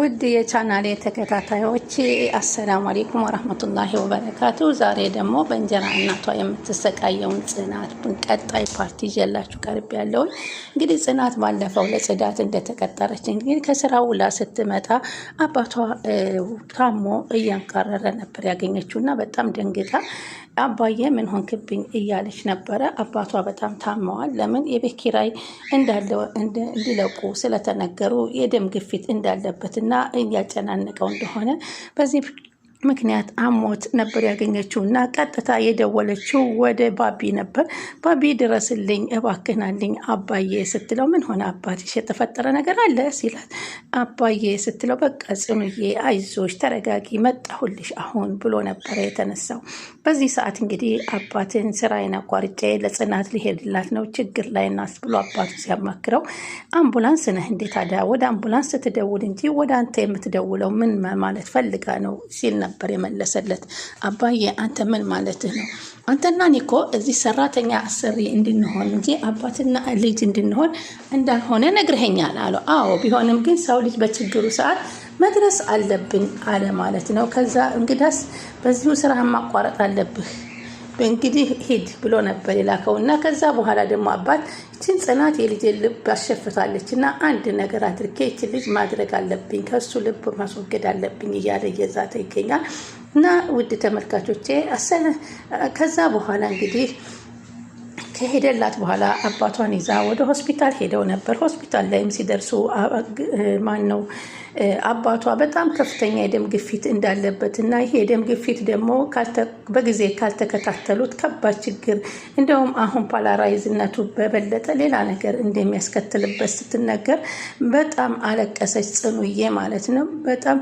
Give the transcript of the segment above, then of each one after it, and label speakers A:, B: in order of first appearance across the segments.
A: ውድ የቻናሌ ተከታታዮች አሰላሙ አሌይኩም ወረህመቱላሂ ወበረካቱ። ዛሬ ደግሞ በእንጀራ እናቷ የምትሰቃየውን ጽናት ቀጣይ ፓርቲ ይዤላችሁ ቀርብ ያለውን እንግዲህ ጽናት ባለፈው ለጽዳት እንደተቀጠረች እንግዲህ ከስራ ውላ ስትመጣ አባቷ ታሞ እያንካረረ ነበር ያገኘችው እና በጣም ደንግጣ አባዬ ምን ሆንክብኝ እያለች ነበረ። አባቷ በጣም ታመዋል። ለምን የቤት ኪራይ እንዳለ እንዲለቁ ስለተነገሩ የደም ግፊት እንዳለበትና እያጨናነቀው እንደሆነ በዚህ ምክንያት አሞት ነበር ያገኘችው እና ቀጥታ የደወለችው ወደ ባቢ ነበር። ባቢ ድረስልኝ፣ እባክናልኝ አባዬ ስትለው ምን ሆነ አባትሽ የተፈጠረ ነገር አለ ሲላት አባዬ ስትለው በቃ ጽኑዬ አይዞሽ፣ ተረጋጊ፣ መጣሁልሽ አሁን ብሎ ነበረ የተነሳው። በዚህ ሰዓት እንግዲህ አባትን ስራዬን አቋርጬ ለጽናት ሊሄድላት ነው ችግር ላይ ናት ብሎ አባቱ ሲያማክረው አምቡላንስ ነህ እንዴ ታዲያ ወደ አምቡላንስ ስትደውል እንጂ ወደ አንተ የምትደውለው ምን ማለት ፈልጋ ነው ሲል ነበር ነበር የመለሰለት። አባዬ አንተ ምን ማለትህ ነው? አንተና እኔ እኮ እዚህ ሰራተኛ አሰሪ እንድንሆን እንጂ አባትና ልጅ እንድንሆን እንዳልሆነ ነግረኸኛል አለው። አዎ ቢሆንም ግን ሰው ልጅ በችግሩ ሰዓት መድረስ አለብን አለ ማለት ነው። ከዛ እንግዳስ በዚሁ ስራ ማቋረጥ አለብህ በእንግዲህ ሂድ ብሎ ነበር የላከው እና ከዛ በኋላ ደግሞ አባት ይችን ጽናት የልጄን ልብ አሸፍታለች እና አንድ ነገር አድርጌ ይችን ልጅ ማድረግ አለብኝ፣ ከሱ ልብ ማስወገድ አለብኝ እያለ እየዛተ ይገኛል። እና ውድ ተመልካቾቼ ከዛ በኋላ እንግዲህ ከሄደላት በኋላ አባቷን ይዛ ወደ ሆስፒታል ሄደው ነበር። ሆስፒታል ላይም ሲደርሱ ማን ነው አባቷ በጣም ከፍተኛ የደም ግፊት እንዳለበት እና ይሄ የደም ግፊት ደግሞ በጊዜ ካልተከታተሉት ከባድ ችግር እንደውም አሁን ፓላራይዝነቱ በበለጠ ሌላ ነገር እንደሚያስከትልበት ስትነገር በጣም አለቀሰች ጽኑዬ ማለት ነው። በጣም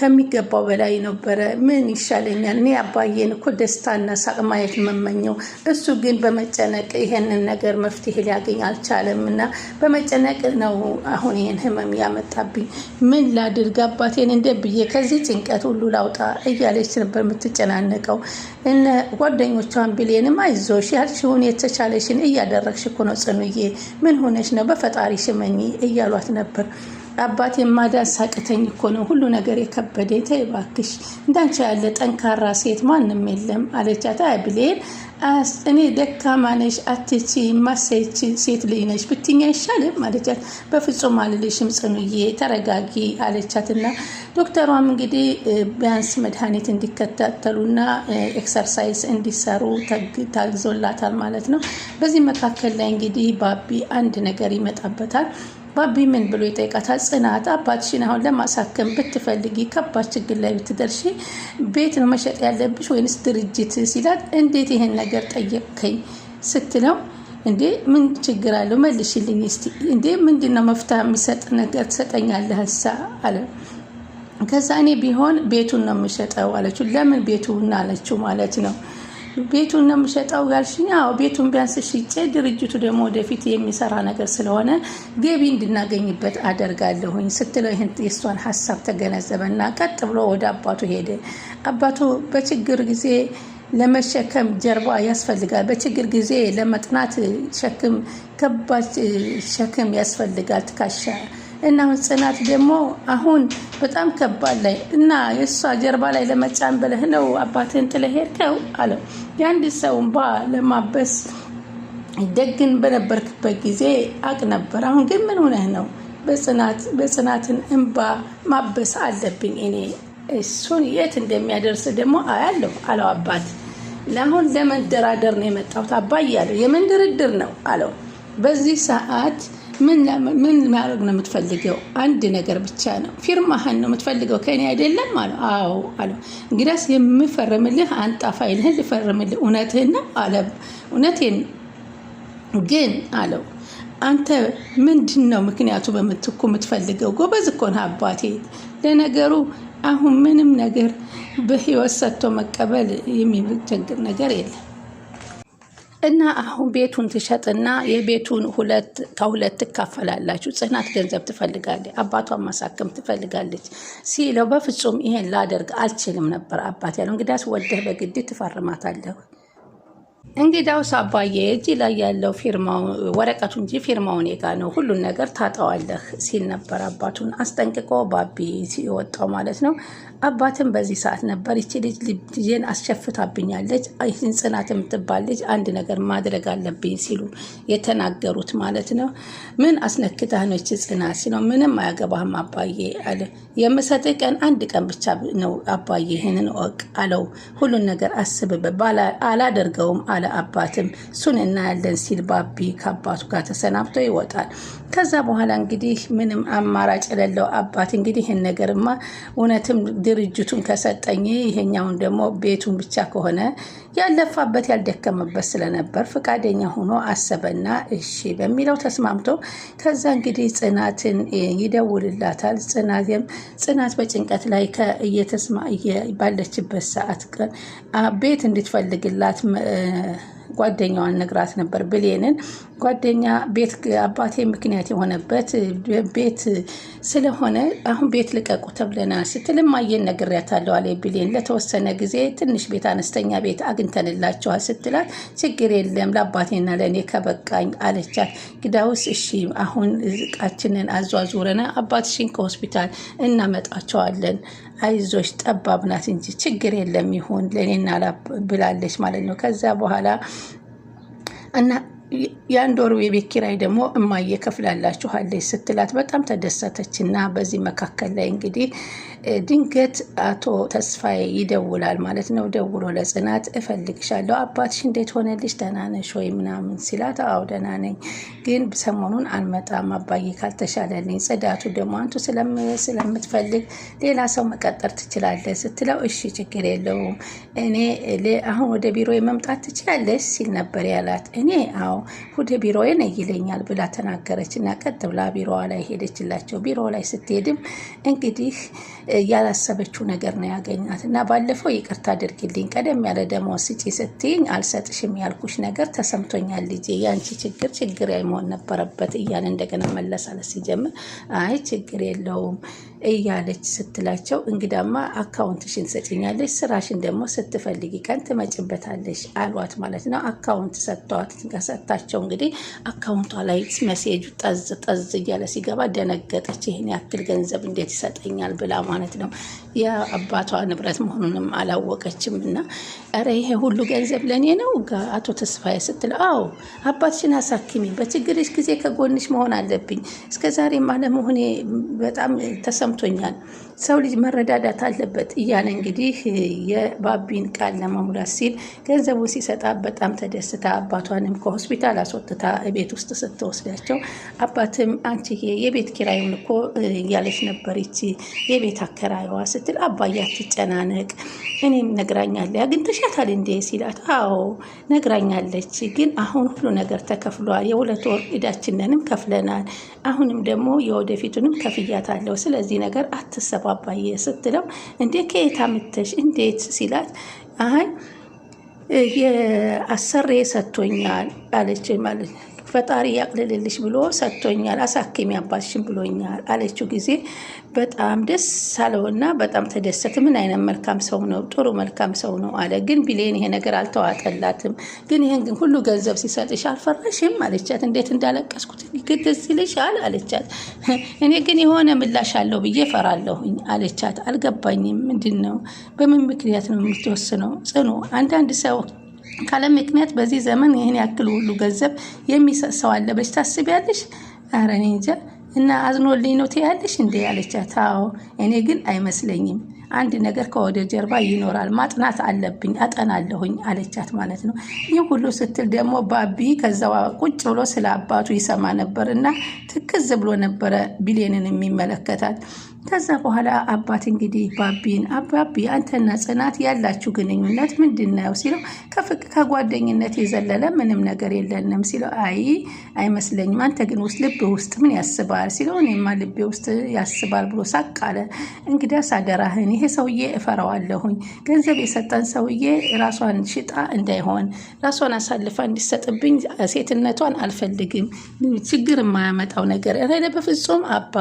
A: ከሚገባው በላይ ነበረ። ምን ይሻለኛል እኔ አባዬን እኮ ደስታና ሳቅ ማየት መመኘው፣ እሱ ግን በመጨነቅ ይሄንን ነገር መፍትሄ ሊያገኝ አልቻለም እና በመጨነቅ ነው አሁን ይህን ህመም ያመጣብኝ ምን ላድርግ አባቴን እንደ ብዬ ከዚህ ጭንቀት ሁሉ ላውጣ እያለች ነበር የምትጨናነቀው። እነ ጓደኞቿን ብሌንም አይዞሽ ያልሽውን የተቻለሽን እያደረግሽ እኮ ነው ጽኑዬ፣ ምን ሆነሽ ነው? በፈጣሪ ሽመኝ እያሏት ነበር። አባት የማዳን ሳቅተኝ እኮ ነው ሁሉ ነገር የከበደ። ተይ እባክሽ እንዳንቺ ያለ ጠንካራ ሴት ማንም የለም አለቻት። አይ ብሌን እኔ ደካማ ነሽ አትቺ ማሰይቺ ሴት ልጅ ነሽ ብትኛ ይሻልም አለቻት። በፍጹም አልልሽም ጽኑዬ ተረጋጊ አለቻትና ዶክተሯም እንግዲህ ቢያንስ መድኃኒት እንዲከታተሉና ኤክሰርሳይዝ እንዲሰሩ ታግዞላታል ማለት ነው። በዚህ መካከል ላይ እንግዲህ ባቢ አንድ ነገር ይመጣበታል። ባቢ ምን ብሎ ይጠይቃታል። ጽናት አባትሽን አሁን ለማሳከም ብትፈልጊ ከባድ ችግር ላይ ብትደርሺ ቤት ነው መሸጥ ያለብሽ ወይንስ ድርጅት ሲላት፣ እንዴት ይሄን ነገር ጠየቅከኝ ስትለው እንዴ ምን ችግር አለው መልሽልኝ እስቲ እንዴ ምንድነው መፍትሄ የሚሰጥ ነገር ትሰጠኛለህ ሳ አለ ከዛ እኔ ቢሆን ቤቱን ነው የምሸጠው አለችው ለምን ቤቱን አለችው ማለት ነው ቤቱን ነው የምሸጠው ጋልሽኝ? አዎ ቤቱን ቢያንስ ሽጬ ድርጅቱ ደግሞ ወደፊት የሚሰራ ነገር ስለሆነ ገቢ እንድናገኝበት አደርጋለሁኝ ስትለው ይህን የእሷን ሀሳብ ተገነዘበና ቀጥ ብሎ ወደ አባቱ ሄደ። አባቱ በችግር ጊዜ ለመሸከም ጀርባ ያስፈልጋል። በችግር ጊዜ ለመጥናት ሸክም ከባድ ሸክም ያስፈልጋል ትካሻ እና አሁን ጽናት ደግሞ አሁን በጣም ከባድ ላይ እና የእሷ ጀርባ ላይ ለመጫን ብለህ ነው አባትህን ጥለህ ሄድከው አለው። የአንድ ሰው እንባ ለማበስ ደግን በነበርክበት ጊዜ አቅ ነበር። አሁን ግን ምን ሆነህ ነው? በጽናት በጽናትን እንባ ማበስ አለብኝ እኔ እሱን የት እንደሚያደርስ ደግሞ አያለሁ አለው። አባት ለአሁን ለመደራደር ነው የመጣሁት አባ የምን ድርድር ነው አለው። በዚህ ሰዓት ምን ማድረግ ነው የምትፈልገው? አንድ ነገር ብቻ ነው። ፊርማህን ነው የምትፈልገው ከኔ አይደለም አለ። አዎ አለ። እንግዲያስ የምፈርምልህ አንጣ ፋይልህን ልፈርምልህ። እውነትህን ነው አለ። እውነቴን ግን አለው አንተ ምንድን ነው ምክንያቱ በምትኩ የምትፈልገው? ጎበዝ እኮ ነህ አባቴ። ለነገሩ አሁን ምንም ነገር በህይወት ሰጥቶ መቀበል የሚቸግር ነገር የለም። እና አሁን ቤቱን ትሸጥና የቤቱን ሁለት ከሁለት ትካፈላላችሁ። ጽናት ገንዘብ ትፈልጋለች፣ አባቷን ማሳከም ትፈልጋለች ሲለው በፍጹም ይሄን ላደርግ አልችልም ነበር አባት ያለው። እንግዲያስ ወደህ በግድ ትፈርማታለሁ እንግዳውስ አባዬ እጅ ላይ ያለው ወረቀቱ እንጂ ፊርማውን ጋ ነው፣ ሁሉን ነገር ታጣዋለህ ሲል ነበር አባቱን አስጠንቅቆ ባቢ ሲወጣው ማለት ነው። አባትም በዚህ ሰዓት ነበር ይቺ ልጅ ልጄን አስሸፍታብኛለች፣ ይህን ጽናት የምትባል ልጅ አንድ ነገር ማድረግ አለብኝ ሲሉ የተናገሩት ማለት ነው። ምን አስነክተህ ነው ይቺ ጽናት ሲለው፣ ምንም አያገባህም አባዬ አለ። የምሰጥህ ቀን አንድ ቀን ብቻ ነው አባዬ፣ ይህንን እወቅ አለው። ሁሉን ነገር አስብበት፣ አላደርገውም አለ አባትም። እሱን እናያለን ሲል ባቢ ከአባቱ ጋር ተሰናብቶ ይወጣል። ከዛ በኋላ እንግዲህ ምንም አማራጭ የሌለው አባት እንግዲህ ይህን ነገርማ እውነትም ድርጅቱን ከሰጠኝ ይሄኛውን ደግሞ ቤቱን ብቻ ከሆነ ያለፋበት ያልደከመበት ስለነበር ፈቃደኛ ሆኖ አሰበና እሺ በሚለው ተስማምቶ ከዛ እንግዲህ ጽናትን ይደውልላታል። ጽናትም ጽናት በጭንቀት ላይ ባለችበት ሰዓት ቤት እንድትፈልግላት ጓደኛዋን ነግራት ነበር ብሌንን ጓደኛ ቤት አባቴ ምክንያት የሆነበት ቤት ስለሆነ አሁን ቤት ልቀቁ ተብለናል ስትል እማዬን ነግሬያታለሁ አለ ብሌን። ለተወሰነ ጊዜ ትንሽ ቤት አነስተኛ ቤት አግኝተንላቸዋል ስትላት ችግር የለም ለአባቴና ለእኔ ከበቃኝ አለቻት። ግዳውስ እሺ አሁን እቃችንን አዟዙረና አባትሽን ከሆስፒታል እናመጣቸዋለን አይዞች ጠባብ ናት እንጂ ችግር የለም ይሁን ለእኔና ብላለች ማለት ነው። ከዛ በኋላ እና የአንድ ወሩ የቤት ኪራይ ደግሞ እማዬ ከፍላላችኋለች ስትላት በጣም ተደሰተች እና በዚህ መካከል ላይ እንግዲህ ድንገት አቶ ተስፋዬ ይደውላል ማለት ነው። ደውሎ ለጽናት እፈልግሻለሁ፣ አባትሽ እንዴት ሆነልሽ? ደህና ነሽ ወይ ምናምን ሲላት፣ አዎ ደህና ነኝ፣ ግን ሰሞኑን አልመጣም አባዬ ካልተሻለልኝ፣ ጽዳቱ ደግሞ አንቱ ስለምትፈልግ ሌላ ሰው መቀጠር ትችላለህ ስትለው፣ እሺ ችግር የለውም እኔ አሁን ወደ ቢሮ መምጣት ትችላለች ሲል ነበር ያላት። እኔ አዎ ወደ ቢሮዬ ይለኛል ብላ ተናገረች እና ቀጥ ብላ ቢሮዋ ላይ ሄደችላቸው። ቢሮ ላይ ስትሄድም እንግዲህ ያላሰበችው ነገር ነው ያገኛት እና ባለፈው ይቅርታ አድርግልኝ፣ ቀደም ያለ ደመወዝ ስጪ ስትይኝ አልሰጥሽም ያልኩሽ ነገር ተሰምቶኛል ልጄ፣ የአንቺ ችግር ችግር መሆን ነበረበት እያለ እንደገና መለሳለስ ሲጀምር አይ ችግር የለውም እያለች ስትላቸው እንግዳማ አካውንትሽን ትሰጭኛለሽ፣ ስራሽን ደግሞ ስትፈልጊ ቀን ትመጭበታለሽ አሏት ማለት ነው። አካውንት ሰጥተዋት ሰጥታቸው እንግዲህ አካውንቷ ላይ መሴጁ ጠዝ ጠዝ እያለ ሲገባ ደነገጠች። ይህን ያክል ገንዘብ እንዴት ይሰጠኛል ብላ ማለት ነው። የአባቷ ንብረት መሆኑንም አላወቀችም እና ኧረ ይሄ ሁሉ ገንዘብ ለእኔ ነው አቶ ተስፋዬ ስትል፣ አዎ አባትሽን አሳክሚ፣ በችግርሽ ጊዜ ከጎንሽ መሆን አለብኝ። እስከዛሬ ማለመሆኔ በጣም ተሰም 做人。ሰው ልጅ መረዳዳት አለበት እያለ እንግዲህ የባቢን ቃል ለማሙላት ሲል ገንዘቡን ሲሰጣ በጣም ተደስታ አባቷንም ከሆስፒታል አስወጥታ ቤት ውስጥ ስትወስዳቸው አባትም አንቺ የቤት ኪራዩን እኮ እያለች ነበር ይቺ የቤት አከራይዋ ስትል አባዬ ትጨናነቅ እኔም ነግራኛለ አግኝተሻታል እንዴ ሲላት አዎ ነግራኛለች፣ ግን አሁን ሁሉ ነገር ተከፍሏል። የሁለት ወር ዕዳችንንም ከፍለናል። አሁንም ደግሞ የወደፊቱንም ከፍያታለሁ። ስለዚህ ነገር አትሰብ ቤተሰብ አባዬ ስትለው እንዴ ከየት አምጥተሽ እንዴት ሲላት አይ የአሰሬ ሰጥቶኛል አለች ማለት ነው። ፈጣሪ ያቅልልልሽ ብሎ ሰጥቶኛል፣ አሳክሚ አባትሽን ብሎኛል አለችው ጊዜ በጣም ደስ አለውና በጣም ተደሰት። ምን አይነት መልካም ሰው ነው፣ ጥሩ መልካም ሰው ነው አለ። ግን ቢሌን ይሄ ነገር አልተዋጠላትም። ግን ይህን ግን ሁሉ ገንዘብ ሲሰጥሽ አልፈራሽም አለቻት። እንዴት እንዳለቀስኩት ግድስ ይልሻል አለቻት። እኔ ግን የሆነ ምላሽ አለው ብዬ ፈራለሁኝ አለቻት። አልገባኝም፣ ምንድን ነው በምን ምክንያት ነው የምትወስነው? ጽኑ አንዳንድ ሰው ካለ ምክንያት በዚህ ዘመን ይህን ያክል ሁሉ ገንዘብ የሚሰጥ ሰው አለ ብለሽ ታስቢያለሽ? ኧረ እኔ እንጃ። እና አዝኖልኝ ነው ትያለሽ እንዴ? አለቻት። አዎ እኔ ግን አይመስለኝም አንድ ነገር ከወደ ጀርባ ይኖራል፣ ማጥናት አለብኝ፣ አጠናለሁኝ አለቻት ማለት ነው። ይህ ሁሉ ስትል ደግሞ ባቢ ከዛ ቁጭ ብሎ ስለ አባቱ ይሰማ ነበር እና ትክዝ ብሎ ነበረ ቢሌንን የሚመለከታት። ከዛ በኋላ አባት እንግዲህ ባቢን አባቢ አንተና ጽናት ያላችሁ ግንኙነት ምንድን ነው ሲለው ከፍቅ ከጓደኝነት የዘለለ ምንም ነገር የለንም ሲለው አይ አይመስለኝም። አንተ ግን ውስጥ ልብ ውስጥ ምን ያስባል ሲለው እኔማ ልቤ ውስጥ ያስባል ብሎ ሳቅ አለ። እንግዲያስ አደራህን ይሄ ሰውዬ እፈራዋለሁኝ። ገንዘብ የሰጠን ሰውዬ ራሷን ሽጣ እንዳይሆን ራሷን አሳልፋ እንዲሰጥብኝ ሴትነቷን አልፈልግም። ችግር የማያመጣው ነገር ረለ በፍጹም አባ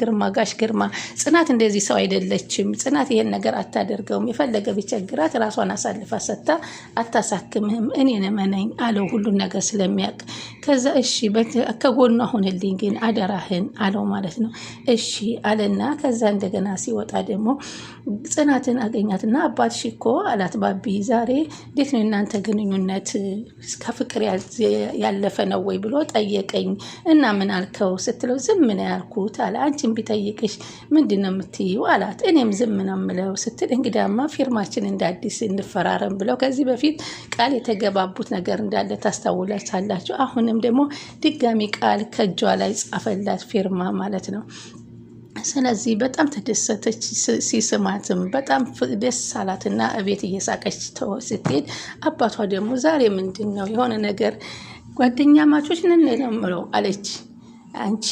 A: ግርማ ጋሽ ግርማ ጽናት እንደዚህ ሰው አይደለችም። ጽናት ይሄን ነገር አታደርገውም። የፈለገ ቢቸግራት ራሷን አሳልፋ ሰጥታ አታሳክምህም። እኔ ነመነኝ አለው ሁሉን ነገር ስለሚያውቅ ከዛ እሺ ከጎኗ ሁንልኝ ግን አደራህን አለው ማለት ነው። እሺ አለና ከዛ እንደገና ሲወጣ ደግሞ ጽናትን አገኛትና አባትሽ እኮ አላት። ባቢ ዛሬ እንዴት ነው እናንተ ግንኙነት ከፍቅር ያለፈ ነው ወይ ብሎ ጠየቀኝ እና ምን አልከው ስትለው ዝም ነው ያልኩት አለ። አንቺን ቢጠይቅሽ ምንድን ነው የምትይው አላት። እኔም ዝም ነው የምለው ስትል እንግዲያማ ፊርማችን እንደ አዲስ እንፈራረም ብለው ከዚህ በፊት ቃል የተገባቡት ነገር እንዳለ ታስታውላችኋላችሁ። አሁንም ደግሞ ድጋሚ ቃል ከእጇ ላይ ጻፈላት ፊርማ ማለት ነው። ስለዚህ በጣም ተደሰተች። ሲስማትም በጣም ደስ አላትና እቤት እየሳቀች ስትሄድ አባቷ ደግሞ ዛሬ ምንድን ነው የሆነ ነገር ጓደኛ ማቾች ነን ነው የምለው አለች አንቺ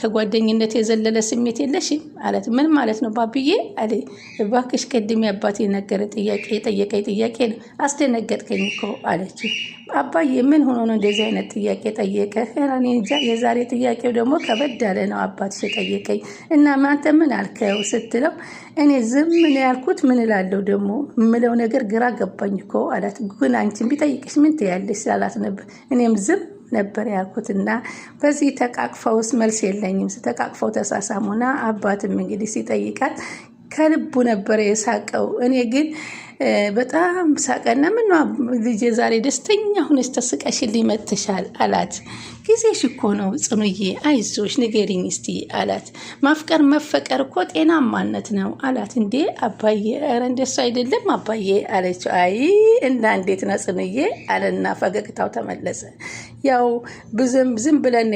A: ከጓደኝነት የዘለለ ስሜት የለሽም አለት። ምን ማለት ነው ባብዬ አለ። እባክሽ ቅድም አባቴ የነገረ ጥያቄ የጠየቀኝ ጥያቄ ነው አስደነገጥከኝ እኮ አለች። አባዬ ምን ሆኖ ነው እንደዚህ አይነት ጥያቄ ጠየቀ? የዛሬ ጥያቄው ደግሞ ከበድ ያለ ነው አባትሽ የጠየቀኝ እና ማንተ ምን አልከው ስትለው እኔ ዝም ምን ያልኩት ምን እላለሁ ደግሞ የምለው ነገር ግራ ገባኝ እኮ አላት። ግን አንቺን ቢጠይቅሽ ምን ትያለሽ ስላላት ነበር እኔም ዝም ነበር ያልኩት እና በዚህ ተቃቅፈውስ መልስ የለኝም። ተቃቅፈው ተሳሳሙና አባትም እንግዲህ ሲጠይቃት ከልቡ ነበር የሳቀው። እኔ ግን በጣም ሳቀና ምነው ልጄ ዛሬ ደስተኛ ሁነች ተስቀሽልኝ መጥተሻል አላት። ጊዜሽ እኮ ነው ጽኑዬ፣ አይዞሽ ንገሪኝ እስቲ አላት። ማፍቀር መፈቀር እኮ ጤናማነት ነው አላት። እንዴ አባዬ፣ ኧረ እንደሱ አይደለም አባዬ አለችው። አይ እና እንዴት ነው ጽኑዬ አለና ፈገግታው ተመለሰ። ያው ብዝም ዝም ብለን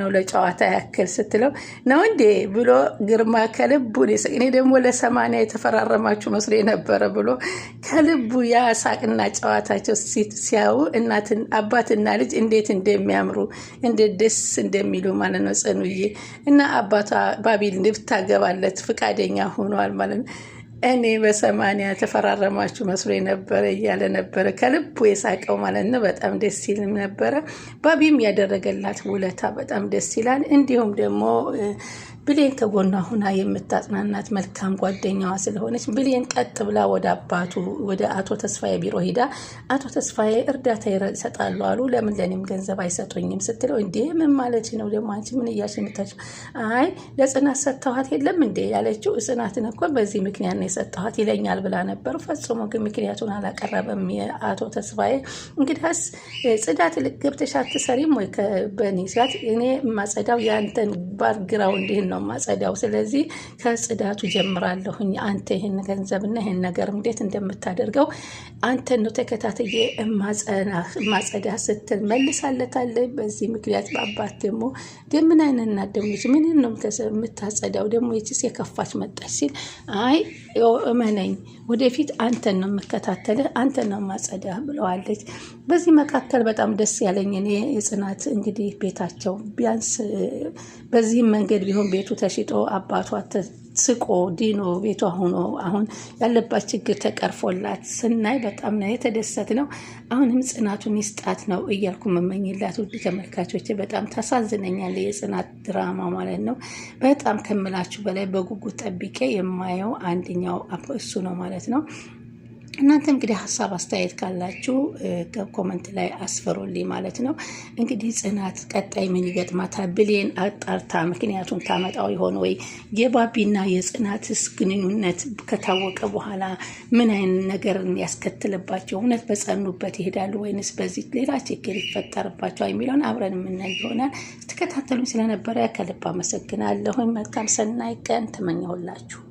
A: ነው ለጨዋታ ያክል ስትለው ነው እንዴ ብሎ ግርማ ከልቡ እኔ ደግሞ ለሰማንያ የተፈራረማችሁ መስሎ የነበረ ብሎ ከልቡ ያ ሳቅና ጨዋታቸው ሲያዩ እናትን አባትና ልጅ እንዴት እንደሚያምሩ እንዴት ደስ እንደሚሉ ማለት ነው ጽኑዬ እና አባቷ ባቢል እንድታገባለት ፍቃደኛ ሆኗል ማለት ነው። እኔ በሰማንያ ተፈራረማችሁ መስሎ ነበረ እያለ ነበረ ከልቡ የሳቀው ማለት ነው። በጣም ደስ ይል ነበረ። ባቢም ያደረገላት ውለታ በጣም ደስ ይላል። እንዲሁም ደግሞ ብሌን ከጎኗ ሁና የምታጽናናት መልካም ጓደኛዋ ስለሆነች ብሌን ቀጥ ብላ ወደ አባቱ ወደ አቶ ተስፋዬ ቢሮ ሄዳ አቶ ተስፋዬ እርዳታ ይሰጣሉ አሉ፣ ለምን ለእኔም ገንዘብ አይሰጡኝም ስትለው፣ እንዴ ምን ማለት ነው ደግሞ አንቺ ምን እያልሽ የምታች? አይ ለጽናት ሰጥተኋት የለም እንዴ ያለችው፣ ጽናትን እኮ በዚህ ምክንያት ነው የሰጠኋት ይለኛል ብላ ነበር። ፈጽሞ ግን ምክንያቱን አላቀረበም አቶ ተስፋዬ። እንግዲያስ ጽዳት ገብተሽ ትሰሪም ወይ በኔ ሲላት፣ እኔ የማጸዳው ያንተን እንዲህን ነው ነው ማጸዳው። ስለዚህ ከጽዳቱ ጀምራለሁኝ። አንተ ይህን ገንዘብና ይህን ነገር እንዴት እንደምታደርገው አንተ ነው ተከታትዬ እማጸዳ ስትል መልሳለታለ። በዚህ ምክንያት በአባት ደግሞ ደምን አይነት እናደሙች ምንን ነው የምታጸዳው ደግሞ የችስ የከፋች መጣች ሲል አይ እመነኝ ወደፊት አንተን ነው የምከታተልህ፣ አንተን ነው ማጸዳህ ብለዋለች። በዚህ መካከል በጣም ደስ ያለኝ እኔ የጽናት እንግዲህ ቤታቸው ቢያንስ በዚህም መንገድ ቢሆን ቤቱ ተሽጦ አባቷ ስቆ ዲኖ ቤቷ ሆኖ አሁን ያለባት ችግር ተቀርፎላት ስናይ በጣም ነው የተደሰት ነው። አሁንም ጽናቱን ይስጣት ነው እያልኩ መመኝላት። ውድ ተመልካቾች በጣም ታሳዝነኛለ የጽናት ድራማ ማለት ነው። በጣም ከምላችሁ በላይ በጉጉት ጠብቄ የማየው አንደኛው እሱ ነው ማለት ነው። እናንተ እንግዲህ ሀሳብ አስተያየት ካላችሁ ኮመንት ላይ አስፈሩልኝ ማለት ነው። እንግዲህ ጽናት ቀጣይ ምን ይገጥማታል ብሌን አጣርታ ምክንያቱም ታመጣው የሆነ ወይ የባቢና የጽናትስ ግንኙነት ከታወቀ በኋላ ምን አይነት ነገር ያስከትልባቸው እውነት በጸኑበት ይሄዳሉ ወይንስ በዚህ ሌላ ችግር ይፈጠርባቸዋል የሚለውን አብረን የምናይ ይሆናል። ስትከታተሉኝ ስለነበረ ከልብ አመሰግናለሁ። መልካም ሰናይ ቀን ተመኘሁላችሁ።